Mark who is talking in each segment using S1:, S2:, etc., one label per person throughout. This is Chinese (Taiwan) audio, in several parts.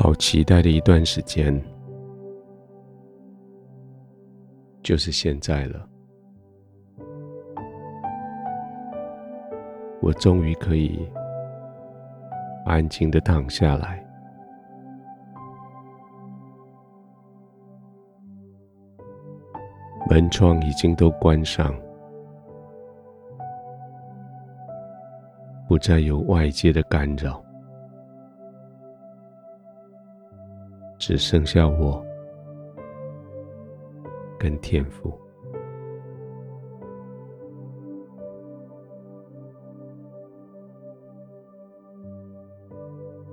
S1: 好期待的一段時間，就是現在了。我終於可以安靜地躺下來，門窗已經都關上，不再有外界的干擾。只剩下我跟天父，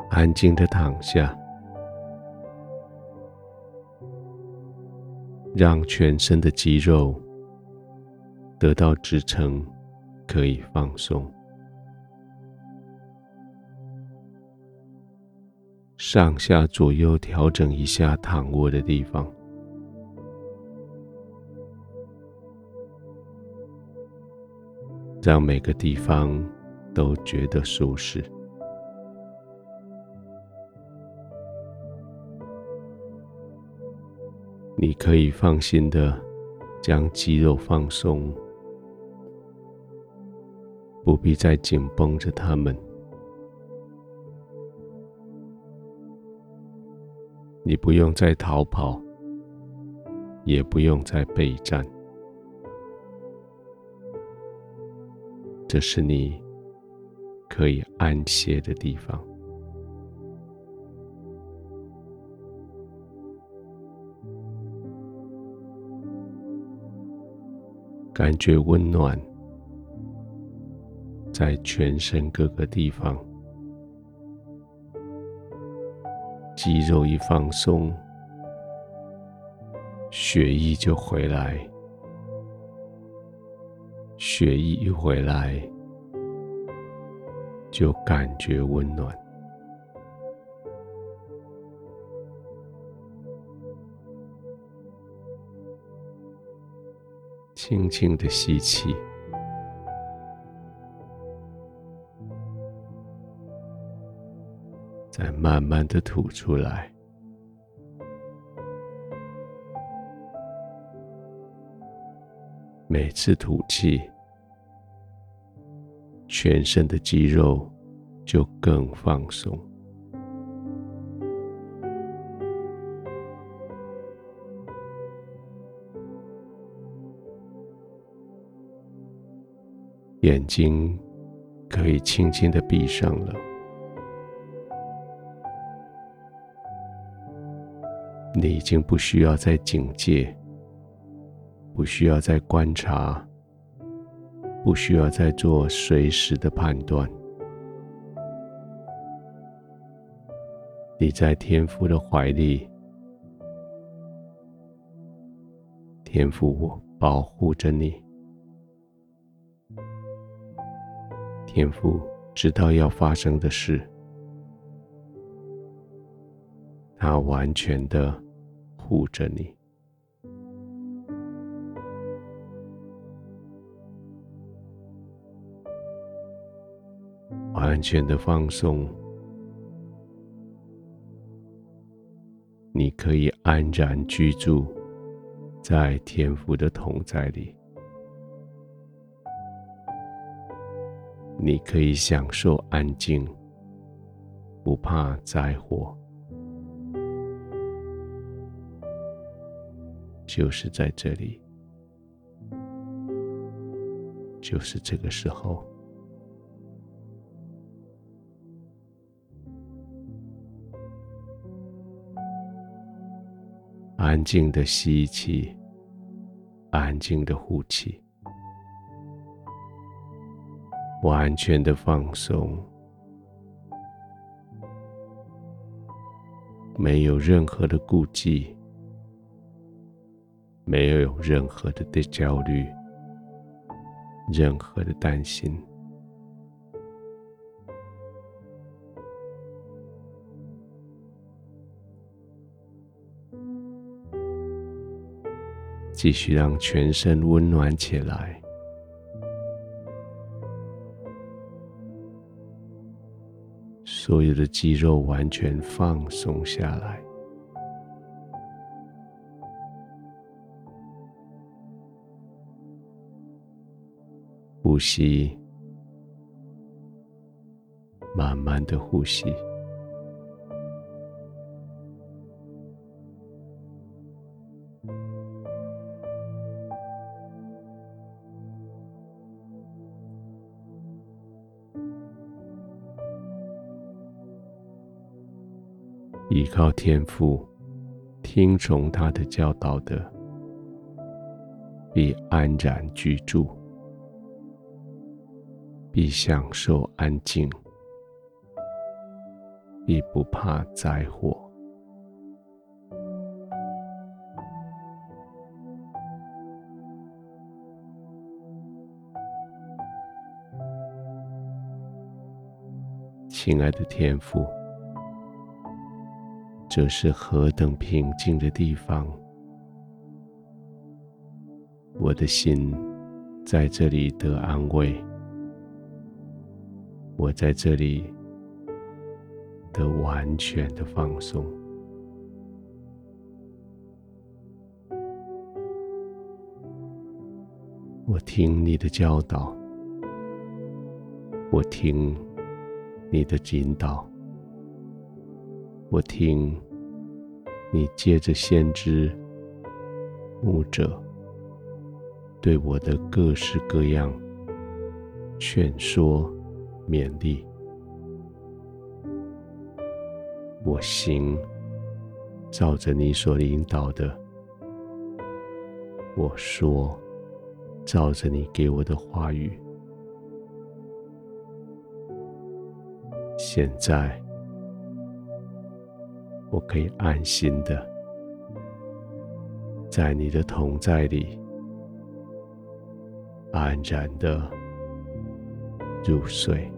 S1: 安靜的躺下，讓全身的肌肉得到支撐，可以放鬆。上下左右調整一下躺臥的地方，讓每個地方都覺得舒適。你可以放心的將肌肉放鬆，不必再緊繃着他們。你不用再逃跑，也不用再備戰，這是你可以安歇的地方。感覺溫暖，在全身各個地方。肌肉一放鬆，血液就回來；血液一回來，就感覺溫暖。輕輕地吸氣。再慢慢的吐出來，每次吐氣，全身的肌肉就更放鬆，眼睛可以輕輕的閉上了。你已經不需要再警戒，不需要再觀察，不需要再做隨時的判斷。你在天父的懷裡，天父我保護着你，天父知道要發生的事，他完全的。護着你，完全的放鬆，你可以安然居住在天父的同在裡，你可以享受安靜，不怕災禍。就是在這裡，就是這個時候，安靜的吸氣，安靜的呼氣，完全的放鬆，沒有任何的顧忌。沒有任何的焦慮，任何的擔心，繼續讓全身溫暖起來，所有的肌肉完全放鬆下來。慢慢呼吸，慢慢的呼吸。依靠天父，聽從他的教導的，必安然居住。必享受安靜，亦不怕災禍。親愛的天父，這是何等平靜的地方！我的心在這裡得安慰。我在這裡得完全的放鬆。我聽你的教導，我聽你的引導，我聽你借着先知、牧者對我的各式各樣勸說。勉勵，我行，照着你所引導的；我說，照着你給我的話語。現在，我可以安心的，在你的同在裡，安然的入睡。